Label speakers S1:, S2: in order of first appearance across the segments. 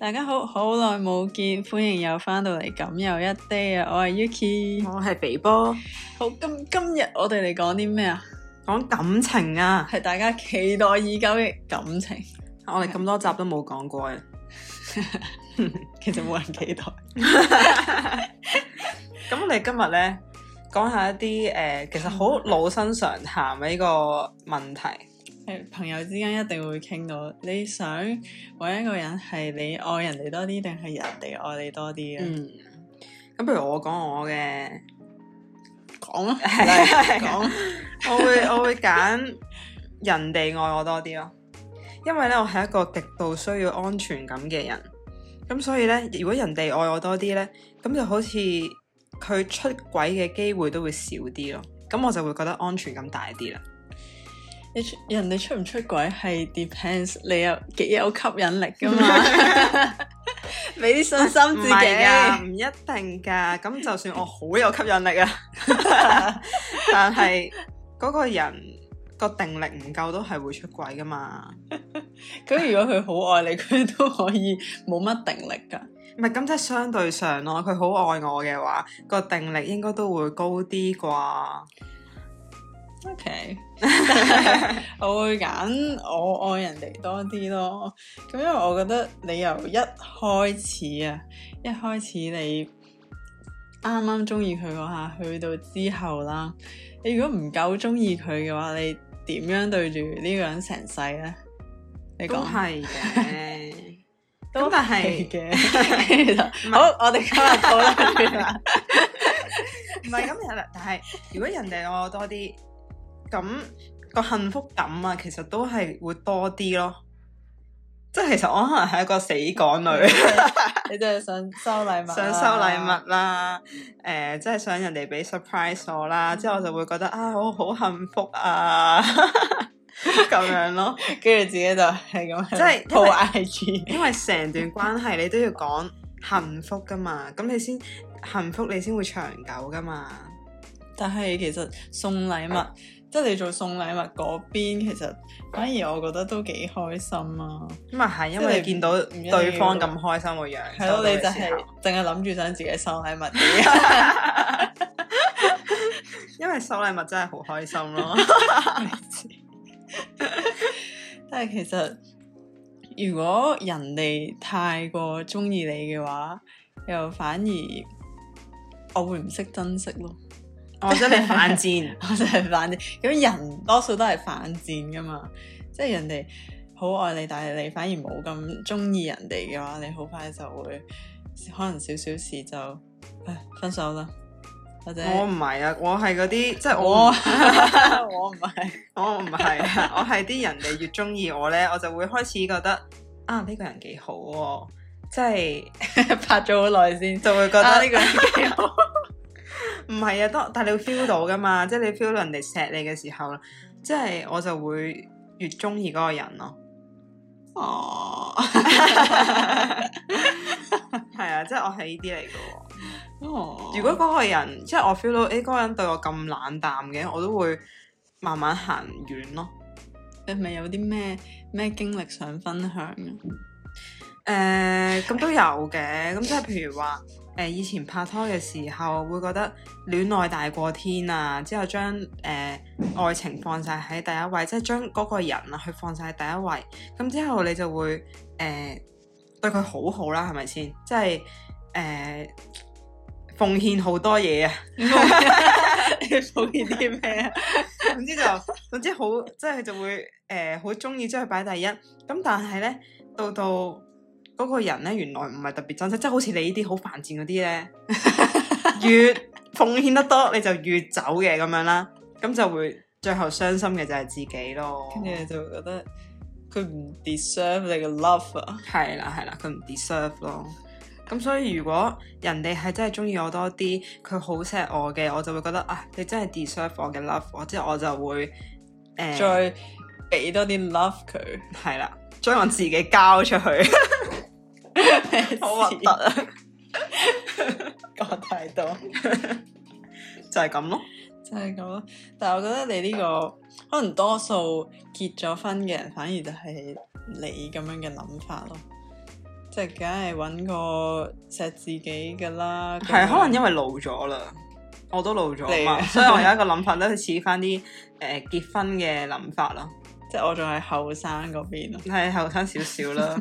S1: 大家好，好耐冇見，歡迎又翻到嚟，咁又一 day 啊！我係 Yuki，我係肥波。好，今今日我哋嚟講啲咩啊？講感情啊，係大家期待已久嘅感情。我哋咁多集都冇講過嘅， 其實冇人期待。咁 我哋今日咧，講下一啲誒、呃，其實好老生常談嘅呢個問題。朋友之間一定會傾到。你想揾一個人係你愛人哋多啲，定係人哋愛你多啲啊？咁、嗯，不如我講我嘅，講講吧。 我會我會揀人哋愛我多啲咯，因為咧我係一個極度需要安全感嘅人，咁所以咧，如果人哋愛我多啲咧，咁就好似佢出軌嘅機會都會少啲咯，咁我就會覺得安全感大啲啦。人哋出唔出軌係 depends，你又幾有吸引力噶嘛？俾啲 信心自己，唔係啊，唔一定噶。咁就算我好有吸引力啊， 但係嗰個人個定力唔夠都係會出軌噶嘛？咁 如果佢好愛你，佢 都可以冇乜定力噶。唔係，咁即係相對上咯。佢好愛我嘅話，個定力應該都會高啲啩。O Okay . K， 我會揀我愛人哋多啲咯。咁因為我覺得你由一開始啊，一開始你啱啱中意佢嗰下，去到之後啦，你如果唔夠中意佢嘅話，你點樣對住呢個人成世咧？你講係嘅，都但係嘅，好，我哋今日討論完啦。唔係咁樣啦，但係如果人哋愛我多啲。咁個幸福感啊，其實都係會多啲咯。即係其實我可能係一個死港女，你真係想收禮物、啊， 想收禮物啦、啊。誒、呃，即係想人哋俾 surprise 我啦、啊，嗯、之後我就會覺得啊，我好幸福啊，咁 樣咯。跟住 自己就係咁，即係 po I G。因為成啞 段關係你都要講幸福噶嘛，咁你先幸福，你先會長久噶嘛。但係其實送禮物。 即係你做送禮物嗰邊，其實反而我覺得都幾開心啊！咁啊係，因為你見到對方咁開心個樣，係咯，你就係淨係諗住想自己收禮物。 因為收禮物真係好開心咯、啊。 但係其實如果人哋太過中意你嘅話，又反而我會唔識珍惜咯。 我真係反戰， 我真係反戰。咁人多數都係反戰噶嘛，即係人哋好愛你，但係你反而冇咁中意人哋嘅話，你好快就會可能少少事就唉分手啦。或者我唔係啊，我係嗰啲即係我，我唔係，我唔係啊， 我係啲人哋越中意我咧，我就會開始覺得啊呢個人幾好喎，即係 拍咗好耐先就會覺得呢個人幾好。 唔係啊，但但你 feel 到噶嘛？即係你 feel 到人哋錫你嘅時候，嗯、即係我就會越中意嗰個人咯。哦，係 啊， 即係我係呢啲嚟嘅。哦，如果嗰個人即係我 feel 到誒，嗰個人對我咁冷淡嘅，我都會慢慢行遠咯。你咪有啲咩咩經歷想分享？誒，咁、呃、都有嘅，咁即係譬如話，誒、呃、以前拍拖嘅時候，會覺得戀愛大過天啊，之後將誒、呃、愛情放晒喺第一位，即係將嗰個人啊去放晒喺第一位，咁、嗯、之後你就會誒、呃、對佢好好啦，係咪先？即係誒奉獻好多嘢啊，奉獻啲咩啊？總之就總之好，即係就會誒好中意，即係擺第一。咁但係咧，到到。嗰個人咧，原來唔係特別珍惜，即係好似你呢啲好犯賤嗰啲咧， 越奉獻得多，你就越走嘅咁樣啦。咁就會最後傷心嘅就係自己咯。跟住你就會覺得佢唔 deserve 你嘅 love 啊。係啦，係啦，佢唔 deserve 咯。咁所以如果人哋係真係中意我多啲，佢好錫我嘅，我就會覺得啊，你真係 deserve 我嘅 love。我之後、就是、我就會誒，呃、再俾多啲 love 佢。係啦，將我自己交出去。 事好核突啊！講 太多， 就係咁咯，就係咁咯。但係我覺得你呢、呢個可能多數結咗婚嘅人，反而就係你咁樣嘅諗法咯。即係梗係揾個錫自己噶啦。係、那個、可能因為老咗啦，我都老咗你的 所以我有一個諗法咧，似翻啲誒結婚嘅諗法啦。即係我仲係後生嗰邊，係後生少少啦。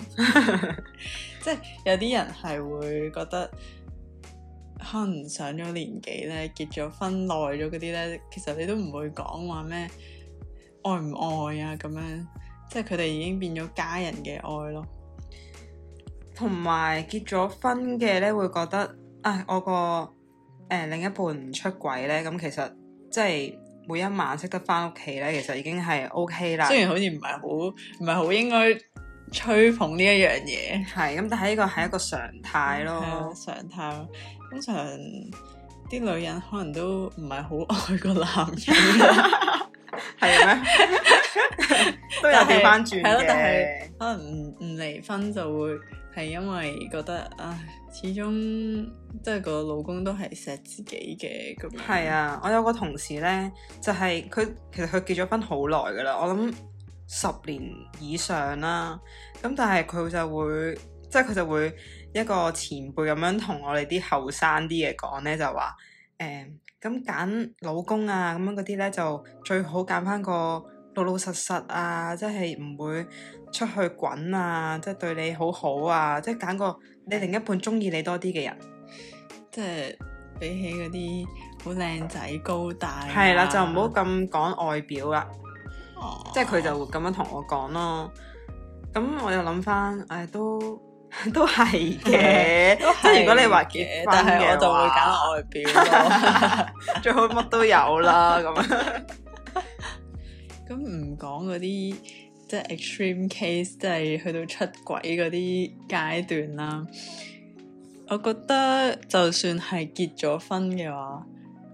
S1: 即係有啲人係會覺得可能上咗年紀咧，結咗婚耐咗嗰啲咧，其實你都唔會講話咩愛唔愛啊咁樣。即係佢哋已經變咗家人嘅愛咯。同埋結咗婚嘅咧，會覺得啊、哎，我個誒、呃、另一半唔出軌咧，咁其實即係。每一晚識得翻屋企咧，其實已經係 OK 啦。雖然好似唔係好，唔係好應該吹捧呢一樣嘢，係咁，但係呢個係一個常態咯。嗯、常態，通常啲女人可能都唔係好愛個男人。 係咩？都有調翻轉嘅，可能唔唔離婚就會係因為覺得唉，始終即係個老公都係錫自己嘅咁樣。係啊，我有個同事咧，就係佢其實佢結咗婚好耐噶啦，我諗十年以上啦。咁但係佢就會即係佢就會一個前輩咁樣同我哋啲後生啲嘢講咧，就話誒。嗯咁揀老公啊，咁樣嗰啲咧就最好揀翻個老老實實啊，即係唔會出去滾啊，即係對你好好啊，即係揀個你另一半中意你多啲嘅人，即係比起嗰啲好靚仔高大啊，係啦，就唔好咁講外表啦，Oh. 即係佢就會咁樣同我講咯。咁我又諗翻，唉、哎，都～都係嘅，即係如果你話結婚嘅話，但係我就會揀外表咯，最好乜都有啦咁。咁唔講嗰啲即係 extreme case，即係去到出軌嗰啲階段啦。我覺得就算係結咗婚嘅話，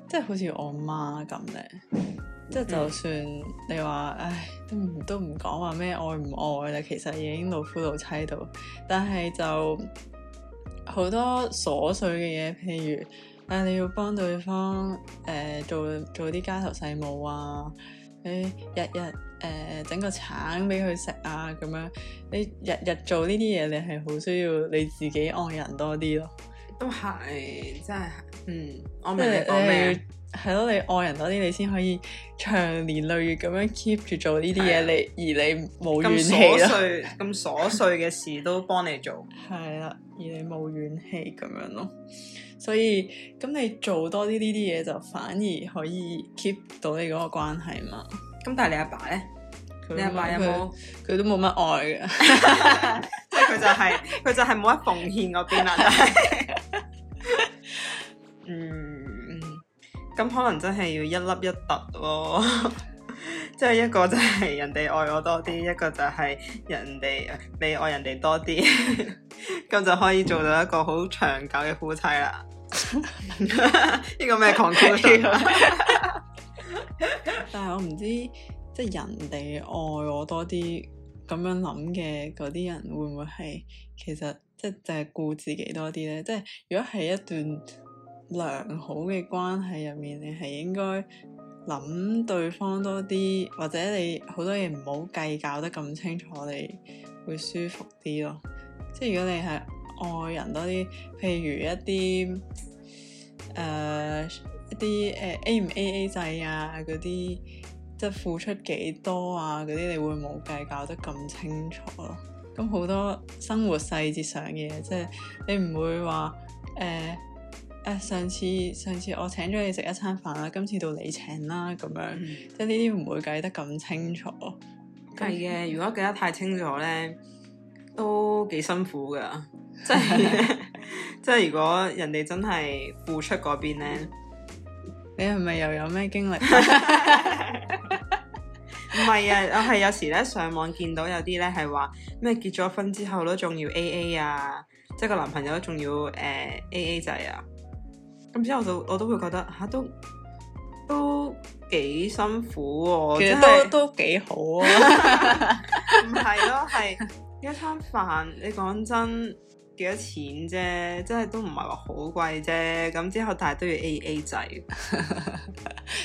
S1: 即係好似我媽咁咧。即係就算你話，嗯、唉，都唔都唔講話咩愛唔愛啦，其實已經老夫老妻到，但係就好多瑣碎嘅嘢，譬如，啊、哎、你要幫對方誒、呃、做做啲家頭細務啊，你、哎、日日誒整、呃、個橙俾佢食啊，咁樣，你日日做呢啲嘢，你係好需要你自己愛人多啲咯，都係，真係，嗯，我明、嗯嗯、你講咩係咯，你愛人多啲，你先可以長年累月咁樣 keep 住做呢啲嘢。你了而你冇怨氣啦。咁瑣碎嘅事都幫你做。係啦，而你冇怨氣咁樣咯。所以咁你多做多啲呢啲嘢，就反而可以 keep 到你嗰個關係嘛。咁但係你阿爸咧？不你阿爸，爸有冇？佢都冇乜愛嘅，即係佢就係佢就係冇乜奉獻嗰邊啦。 嗯。咁可能真係要一粒一凸咯，哦，即 係一個就係人哋愛我多啲，一個就係人哋你愛人哋多啲，咁 就可以做到一個好長久嘅夫妻啦。呢個咩 conclusion？但係我唔知，即係人哋愛我多啲咁樣諗嘅嗰啲人會唔會係其實即係淨顧自己多啲呢？即、就、係、是、如果係一段。良好嘅關係入面，你係應該諗對方多啲，或者你好多嘢唔好計較得咁清楚，你會舒服啲咯。即係如果你係愛人多啲，譬如一啲誒、呃、一啲誒、呃、A 唔 A A 制啊，嗰啲即係付出幾多啊，嗰啲你會冇計較得咁清楚咯。咁好多生活細節上嘅嘢，即係你唔會話誒、呃誒、啊、上次上次我請咗你食一餐飯啦，今次到你請啦，咁樣、嗯、即係呢啲唔會計得咁清楚，係嘅。如果計得太清楚咧，都幾辛苦噶。即係 即係，如果人哋真係付出嗰邊咧，你係咪又有咩經歷？唔係 啊，我係有時咧上網見到有啲咧係話咩結咗婚之後都仲要 A A 啊，即係個男朋友仲要誒、呃、A A 制啊。咁之後我就我都會覺得吓、啊，都都幾辛苦喎、啊，其實都是都，都幾好啊！唔係咯，係一餐飯，你講真幾多錢啫？真係都唔係話好貴啫。咁之後但係都要 A A 制，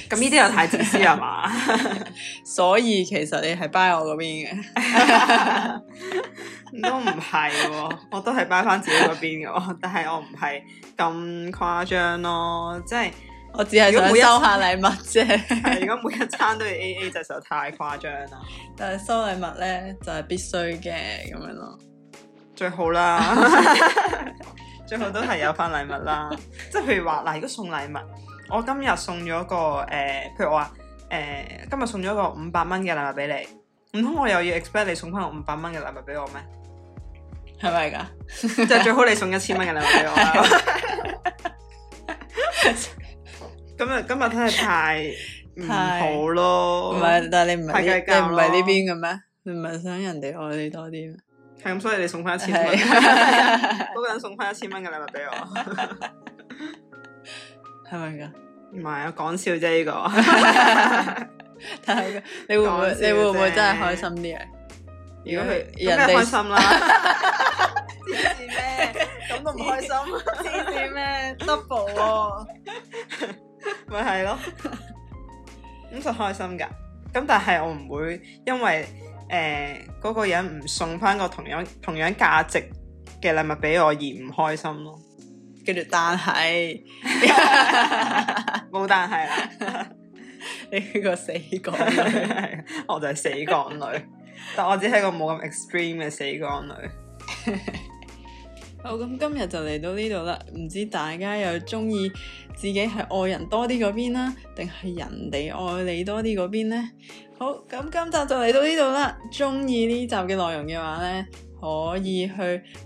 S1: 咁呢啲又太自私係嘛？ 所以其實你係擺喺我嗰邊嘅。 都唔係、哦，我都係擺翻自己嗰邊嘅，但係我唔係咁誇張咯，即係我只係如果冇收下禮物啫， 如果每一餐都要 A A 就實在太誇張啦。但係收禮物咧就係、是、必須嘅咁樣咯，最好啦， 最好都係有翻禮物啦。 即係譬如話嗱，如果送禮物，我今日送咗個誒、呃，譬如我話誒今日送咗個五百蚊嘅禮物俾你，唔通我又要 expect 你送翻個五百蚊嘅禮物俾我咩？係咪噶？即係最好你送一千蚊嘅禮物俾我。今日今日真係太唔好咯。唔係，但係你唔係你唔係呢邊嘅咩？你唔係想人哋愛你多啲咩？係咁，所以你送翻一千蚊，嗰個人送翻一千蚊嘅禮物俾我。係咪噶？唔係啊，講笑啫呢個。你會唔會你會唔會真係開心啲啊？如果佢人哋開心啦。支持咩？咁都唔開心、啊慧。支持咩？double 喎，咪係、啊、 咯。咁就開心噶。咁但係我唔會因為誒嗰、呃嗰個人唔送翻個同樣同樣價值嘅禮物俾我而唔開心咯。跟住但係冇 但係是啦、啊。 你呢個死港女 我就係死港女。 但我只係一個冇咁 extreme 嘅死港女。 好，咁今日就嚟到呢度啦，唔知大家又中意自己係愛人多啲嗰邊啦，定係人哋愛你多啲嗰邊呢？好，咁今集就嚟到呢度啦。中意呢集嘅內容嘅話呢，可以去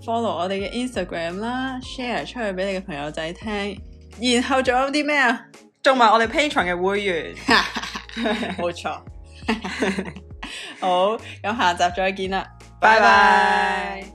S1: follow 我哋嘅 Instagram 啦，share 出去俾你嘅朋友仔聽。然後仲有啲咩啊？仲埋我哋 Patreon 嘅會員，冇錯 沒錯。 好，咁下集再見啦，
S2: 拜拜。